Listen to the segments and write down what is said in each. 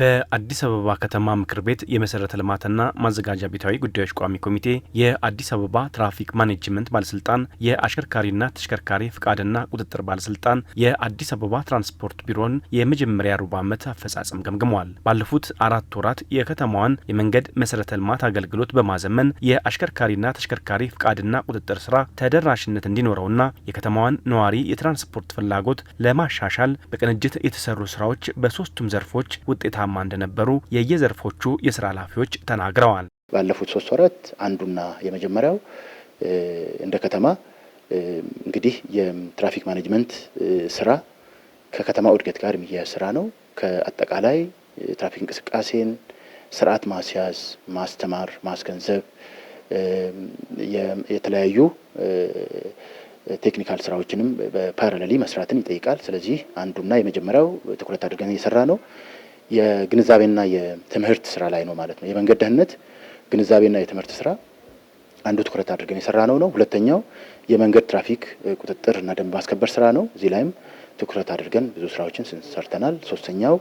በአዲስ አበባ ከተማ ምክር ቤት የመሰረተ ልማትና ማዘጋጃ ቤታዊ ጉዳዮች ቋሚ ኮሚቴ የአዲስ አበባ ትራፊክ ማኔጅመንት ባለስልጣን የአሽከርካሪና ተሽከርካሪ ፍቃድና ቁጥጥር ባለስልጣን የአዲስ አበባ ትራንስፖርት ቢሮን የመጀመሪያ ሩብ ዓመት አፈጻጸም ገምግመዋል። ባለፉት አራት ወራት የከተማዋን የመንገድ መሰረተ ልማት አገልግሎት በማዘመን የአሽከርካሪና ተሽከርካሪ ፍቃድና ቁጥጥር ስራ ተደራሽነት እንዲኖረውና የከተማዋን ነዋሪ የትራንስፖርት ፍላጎት ለማሻሻል በቅንጅት የተሰሩ ስራዎች በሶስቱም ዘርፎች ውጤታ ውጤታማ እንደነበሩ የየዘርፎቹ የስራ ኃላፊዎች ተናግረዋል። ባለፉት ሶስት ወራት አንዱና የመጀመሪያው እንደ ከተማ እንግዲህ የትራፊክ ማኔጅመንት ስራ ከከተማው እድገት ጋር የሚያያዝ ስራ ነው። ከአጠቃላይ ትራፊክ እንቅስቃሴን ስርዓት ማስያዝ፣ ማስተማር፣ ማስገንዘብ የተለያዩ ቴክኒካል ስራዎችንም በፓራሌሊ መስራትን ይጠይቃል። ስለዚህ አንዱና የመጀመሪያው ትኩረት አድርገን እየሰራ ነው። የግንዛቤና የትምህርት ስራ ላይ ነው ማለት ነው። የመንገድ ደህንነት ግንዛቤና የትምህርት ስራ አንዱ ትኩረት አድርገን የሰራ ነው ነው። ሁለተኛው የመንገድ ትራፊክ ቁጥጥር እና ደንብ ማስከበር ስራ ነው። እዚህ ላይም ትኩረት አድርገን ብዙ ስራዎችን ስንሰርተናል። ሶስተኛው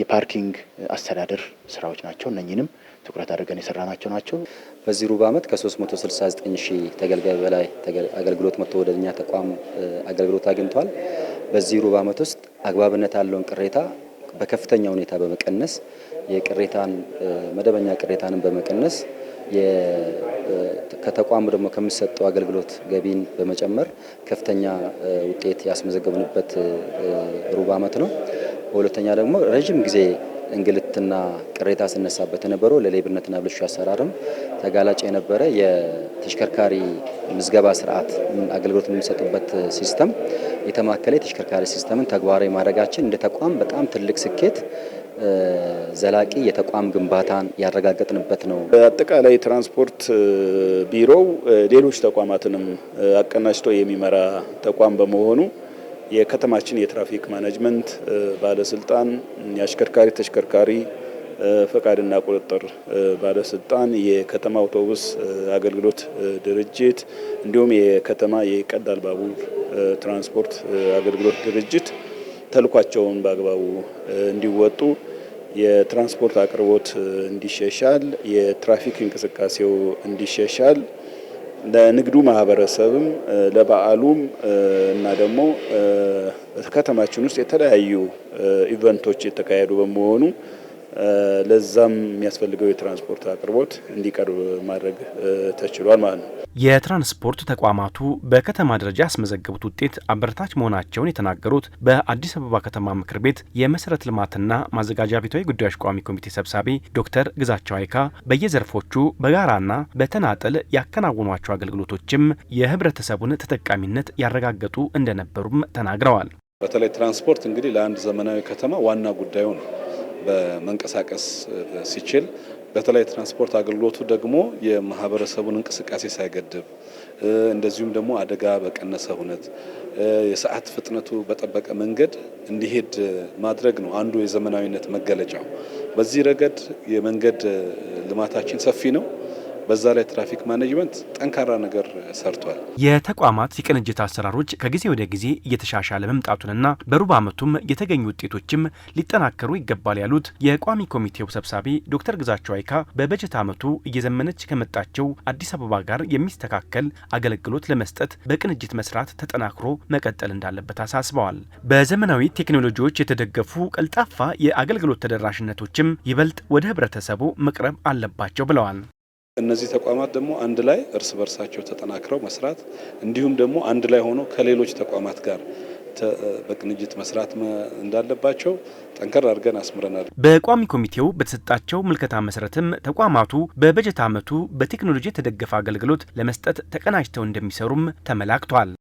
የፓርኪንግ አስተዳደር ስራዎች ናቸው። እነኚህንም ትኩረት አድርገን የሰራ ናቸው ናቸው። በዚህ ሩብ ዓመት ከ369 ሺህ ተገልጋይ በላይ አገልግሎት መጥቶ ወደ እኛ ተቋም አገልግሎት አግኝቷል። በዚህ ሩብ ዓመት ውስጥ አግባብነት ያለውን ቅሬታ በከፍተኛ ሁኔታ በመቀነስ የቅሬታን መደበኛ ቅሬታንን በመቀነስ ከተቋሙ ደግሞ ከሚሰጠው አገልግሎት ገቢን በመጨመር ከፍተኛ ውጤት ያስመዘገብንበት ሩብ ዓመት ነው። በሁለተኛ ደግሞ ረዥም ጊዜ እንግልትና ቅሬታ ስነሳበት የነበረው ለሌብነትና ብልሹ አሰራርም ተጋላጭ የነበረ የተሽከርካሪ ምዝገባ ስርዓት አገልግሎት የሚሰጥበት ሲስተም የተማከለ የተሽከርካሪ ሲስተምን ተግባራዊ ማድረጋችን እንደ ተቋም በጣም ትልቅ ስኬት ዘላቂ የተቋም ግንባታን ያረጋገጥንበት ነው። አጠቃላይ ትራንስፖርት ቢሮው ሌሎች ተቋማትንም አቀናጅቶ የሚመራ ተቋም በመሆኑ የከተማችን የትራፊክ ማኔጅመንት ባለስልጣን፣ የአሽከርካሪ ተሽከርካሪ ፈቃድና ቁጥጥር ባለስልጣን፣ የከተማ አውቶቡስ አገልግሎት ድርጅት እንዲሁም የከተማ የቀላል ባቡር ትራንስፖርት አገልግሎት ድርጅት ተልኳቸውን በአግባቡ እንዲወጡ የትራንስፖርት አቅርቦት እንዲሻሻል፣ የትራፊክ እንቅስቃሴው እንዲሻሻል ለንግዱ ማህበረሰብም ለበዓሉም እና ደግሞ ከተማችን ውስጥ የተለያዩ ኢቨንቶች የተካሄዱ በመሆኑ ለዛም የሚያስፈልገው የትራንስፖርት አቅርቦት እንዲቀርብ ማድረግ ተችሏል ማለት ነው። የትራንስፖርት ተቋማቱ በከተማ ደረጃ ያስመዘገቡት ውጤት አበረታች መሆናቸውን የተናገሩት በአዲስ አበባ ከተማ ምክር ቤት የመሰረተ ልማትና ማዘጋጃ ቤታዊ ጉዳዮች ቋሚ ኮሚቴ ሰብሳቢ ዶክተር ግዛቸው አይካ በየዘርፎቹ በጋራና በተናጠል ያከናወኗቸው አገልግሎቶችም የህብረተሰቡን ተጠቃሚነት ያረጋገጡ እንደነበሩም ተናግረዋል። በተለይ ትራንስፖርት እንግዲህ ለአንድ ዘመናዊ ከተማ ዋና ጉዳዩ ነው። በመንቀሳቀስ ሲችል በተለይ ትራንስፖርት አገልግሎቱ ደግሞ የማህበረሰቡን እንቅስቃሴ ሳይገድብ እንደዚሁም ደግሞ አደጋ በቀነሰ ሁነት የሰዓት ፍጥነቱ በጠበቀ መንገድ እንዲሄድ ማድረግ ነው አንዱ የዘመናዊነት መገለጫው። በዚህ ረገድ የመንገድ ልማታችን ሰፊ ነው። በዛ ላይ ትራፊክ ማኔጅመንት ጠንካራ ነገር ሰርቷል። የተቋማት የቅንጅት አሰራሮች ከጊዜ ወደ ጊዜ እየተሻሻለ መምጣቱንና በሩብ ዓመቱም የተገኙ ውጤቶችም ሊጠናከሩ ይገባል ያሉት የቋሚ ኮሚቴው ሰብሳቢ ዶክተር ግዛቸው አይካ በበጀት ዓመቱ እየዘመነች ከመጣቸው አዲስ አበባ ጋር የሚስተካከል አገልግሎት ለመስጠት በቅንጅት መስራት ተጠናክሮ መቀጠል እንዳለበት አሳስበዋል። በዘመናዊ ቴክኖሎጂዎች የተደገፉ ቀልጣፋ የአገልግሎት ተደራሽነቶችም ይበልጥ ወደ ህብረተሰቡ መቅረብ አለባቸው ብለዋል። እነዚህ ተቋማት ደግሞ አንድ ላይ እርስ በርሳቸው ተጠናክረው መስራት እንዲሁም ደግሞ አንድ ላይ ሆኖ ከሌሎች ተቋማት ጋር በቅንጅት መስራት እንዳለባቸው ጠንከር አድርገን አስምረናል። በቋሚ ኮሚቴው በተሰጣቸው ምልከታ መሰረትም ተቋማቱ በበጀት ዓመቱ በቴክኖሎጂ የተደገፈ አገልግሎት ለመስጠት ተቀናጅተው እንደሚሰሩም ተመላክቷል።